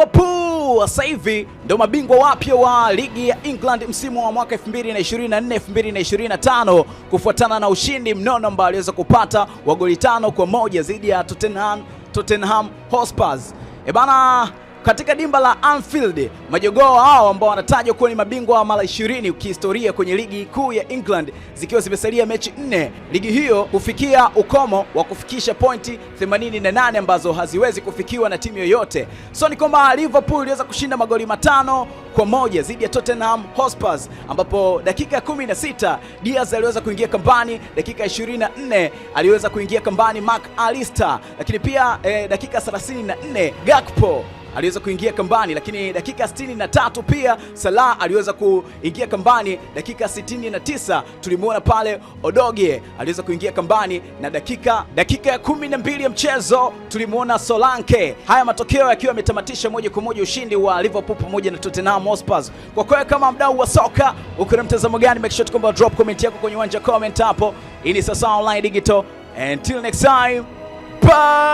Liverpool sasa hivi ndio mabingwa wapya wa ligi ya England msimu wa mwaka 2024 2025 kufuatana na ushindi mnono ambao aliweza kupata wa goli tano kwa moja dhidi ya Tottenham Tottenham Hotspur. E bana katika dimba la Anfield. Majogoo hao ambao wanatajwa kuwa ni mabingwa wa mara 20 kihistoria kwenye ligi kuu ya England, zikiwa zimesalia mechi nne, ligi hiyo kufikia ukomo wa kufikisha pointi 88 ambazo haziwezi kufikiwa na timu yoyote. So ni kwamba Liverpool iliweza kushinda magoli matano kwa moja dhidi ya Tottenham Hotspur, ambapo dakika ya sita Diaz aliweza kuingia kambani, dakika 24 aliweza kuingia kambani Mark Alister, lakini pia eh, dakika 34 Gakpo aliweza kuingia kambani, lakini dakika tatu pia Salah aliweza kuingia kambani. Dakika 69 tulimwona pale Odogie aliweza kuingia kambani, na dakika dakika ya mbili ya mchezo tulimwona Solanke. Haya matokeo yakiwa yametamatisha moja kwa moja ushindi wa Liverpool pamoja na Tottenham Hotspur. Kwa kweli kama mdau wa soka uko na mtazamo gani? Make sure kwamba drop comment yako kwenye uwanja comment hapo. Hii ni Sasa Online Digital. Until next time. Bye.